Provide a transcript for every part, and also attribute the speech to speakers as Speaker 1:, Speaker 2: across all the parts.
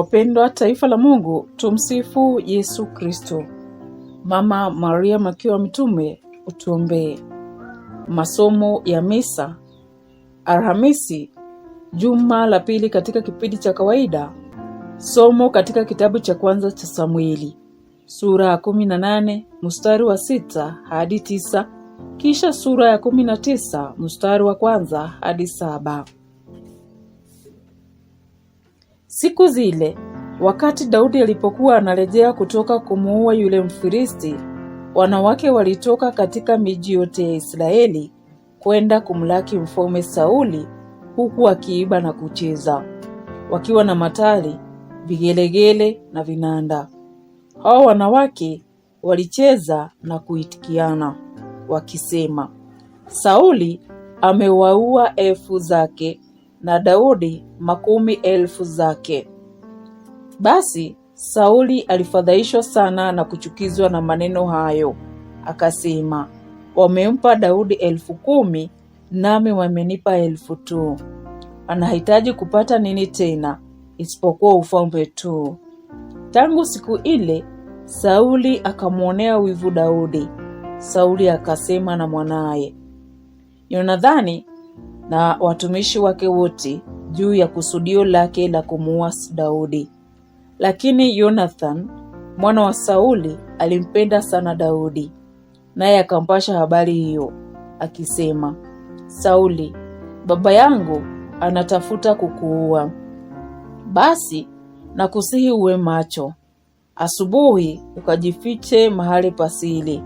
Speaker 1: Wapendwa taifa la Mungu, tumsifu Yesu Kristo. Mama Maria Makiwa mtume utuombee. Masomo ya Misa Alhamisi, juma la pili katika kipindi cha kawaida. Somo katika kitabu cha kwanza cha Samueli sura ya 18 mstari wa sita hadi tisa, kisha sura ya 19 mstari wa kwanza hadi saba. Siku zile wakati Daudi alipokuwa anarejea kutoka kumuua yule Mfilisti, wanawake walitoka katika miji yote ya Israeli kwenda kumlaki mfalme Sauli, huku wakiiba na kucheza, wakiwa na matari, vigelegele na vinanda. Hao wanawake walicheza na kuitikiana wakisema, Sauli amewaua elfu zake na Daudi makumi elfu zake. Basi Sauli alifadhaishwa sana na kuchukizwa na maneno hayo, akasema, wamempa Daudi elfu kumi nami wamenipa elfu tu. Anahitaji kupata nini tena isipokuwa ufalme tu? Tangu siku ile Sauli akamwonea wivu Daudi. Sauli akasema na mwanaye Yonadhani, na watumishi wake wote juu ya kusudio lake la kumuua Daudi. Lakini Yonathan mwana wa Sauli alimpenda sana Daudi, naye akampasha habari hiyo akisema, Sauli baba yangu anatafuta kukuua. Basi nakusihi uwe macho, asubuhi ukajifiche mahali pasili,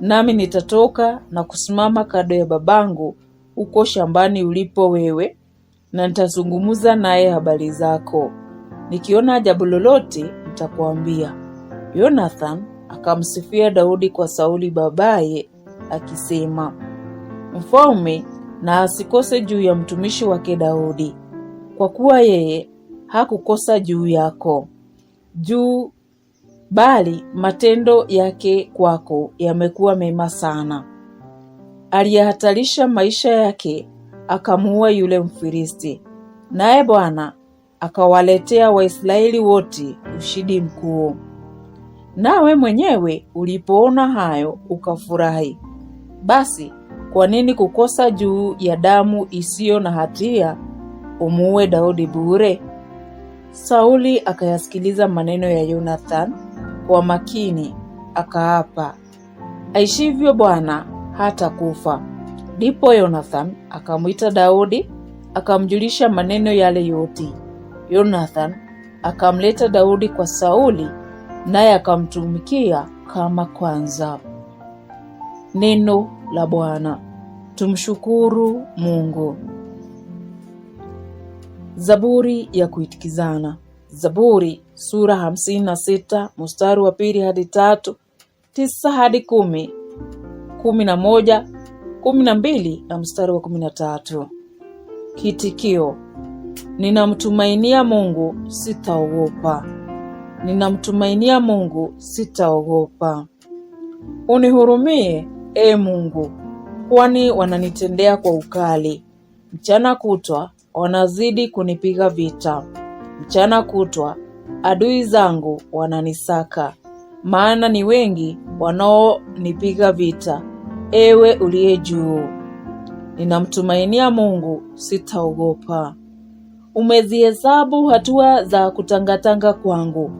Speaker 1: nami nitatoka na kusimama kando ya babangu uko shambani ulipo wewe, na nitazungumza naye habari zako. Nikiona ajabu lolote nitakwambia Yonathan akamsifia Daudi kwa Sauli babaye akisema, mfalme na asikose juu ya mtumishi wake Daudi, kwa kuwa yeye hakukosa juu yako juu, bali matendo yake kwako yamekuwa mema sana aliyehatarisha maisha yake akamuua yule Mfilisti, naye Bwana akawaletea Waisraeli wote ushindi mkuu. Nawe mwenyewe ulipoona hayo ukafurahi. Basi kwa nini kukosa juu ya damu isiyo na hatia umuue Daudi bure? Sauli akayasikiliza maneno ya yonathan kwa makini, akaapa, aishivyo Bwana hata kufa. Ndipo Yonathan akamwita Daudi akamjulisha maneno yale yote. Yonathan akamleta Daudi kwa Sauli, naye akamtumikia kama kwanza. Neno la Bwana. Tumshukuru Mungu. Zaburi ya kuitikizana. Zaburi sura 56 mstari wa pili hadi tatu, tisa hadi kumi kumi na moja kumi na mbili na mstari wa kumi na tatu. Kitikio: ninamtumainia Mungu, sitaogopa. Ninamtumainia Mungu, sitaogopa. Unihurumie, e Mungu, kwani wananitendea kwa ukali. Mchana kutwa wanazidi kunipiga vita, mchana kutwa adui zangu wananisaka, maana ni wengi wanaonipiga vita Ewe uliye juu, ninamtumainia Mungu, sitaogopa. Umezihesabu hatua za kutangatanga kwangu,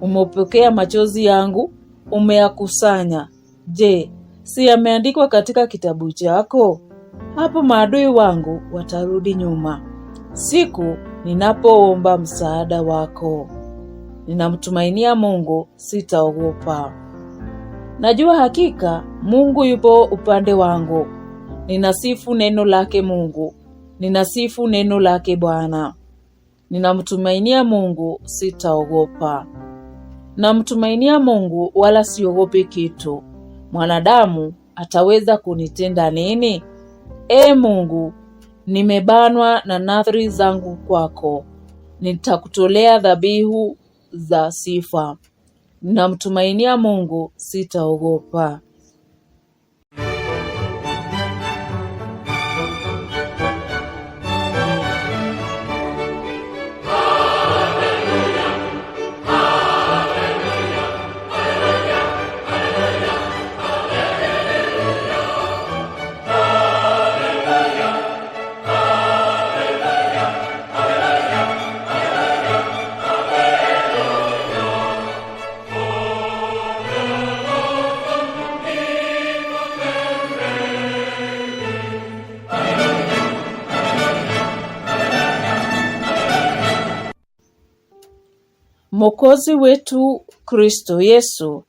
Speaker 1: umeupokea machozi yangu, umeyakusanya. Je, si yameandikwa katika kitabu chako? Hapo maadui wangu watarudi nyuma siku ninapoomba msaada wako. Ninamtumainia Mungu, sitaogopa. Najua hakika Mungu yupo upande wangu. Ninasifu neno lake Mungu. Ninasifu neno lake Bwana. Ninamtumainia Mungu, sitaogopa. Namtumainia Mungu wala siogopi kitu. Mwanadamu ataweza kunitenda nini? Ee Mungu, nimebanwa na nadhiri zangu kwako. Nitakutolea dhabihu za sifa. Namtumainia Mungu, sitaogopa Mwokozi wetu Kristo Yesu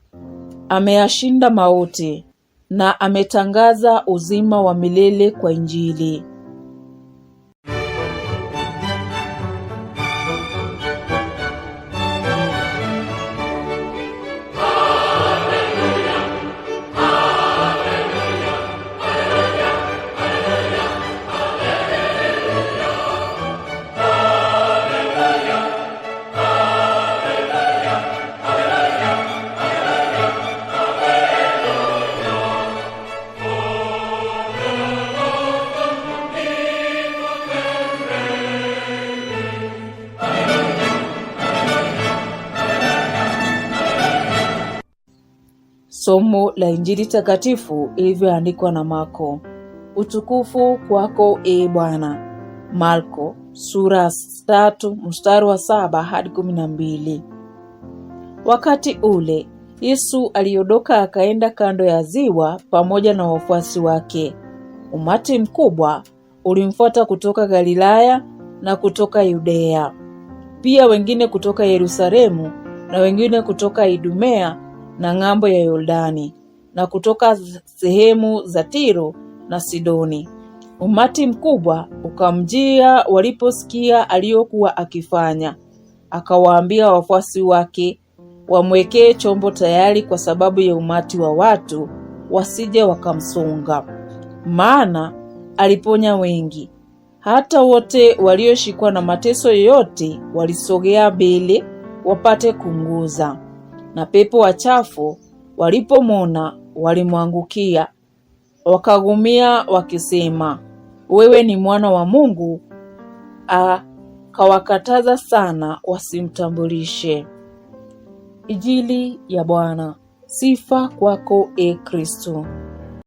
Speaker 1: ameyashinda mauti na ametangaza uzima wa milele kwa Injili. Somo la Injili takatifu ilivyoandikwa na Marko. Utukufu kwako e Bwana. Marko sura tatu mstari wa saba hadi kumi na mbili. Wakati ule Yesu aliondoka akaenda kando ya ziwa pamoja na wafuasi wake. Umati mkubwa ulimfuata kutoka Galilaya na kutoka Yudea, pia wengine kutoka Yerusalemu na wengine kutoka Idumea na ng'ambo ya Yordani na kutoka sehemu za Tiro na Sidoni. Umati mkubwa ukamjia waliposikia aliyokuwa akifanya. Akawaambia wafuasi wake wamwekee chombo tayari kwa sababu ya umati wa watu wasije wakamsonga, maana aliponya wengi. Hata wote walioshikwa na mateso yoyote walisogea mbele wapate kunguza na pepo wachafu walipomwona walimwangukia, wakagumia wakisema, wewe ni mwana wa Mungu. Akawakataza sana wasimtambulishe. ijili ya Bwana. Sifa kwako, e Kristo.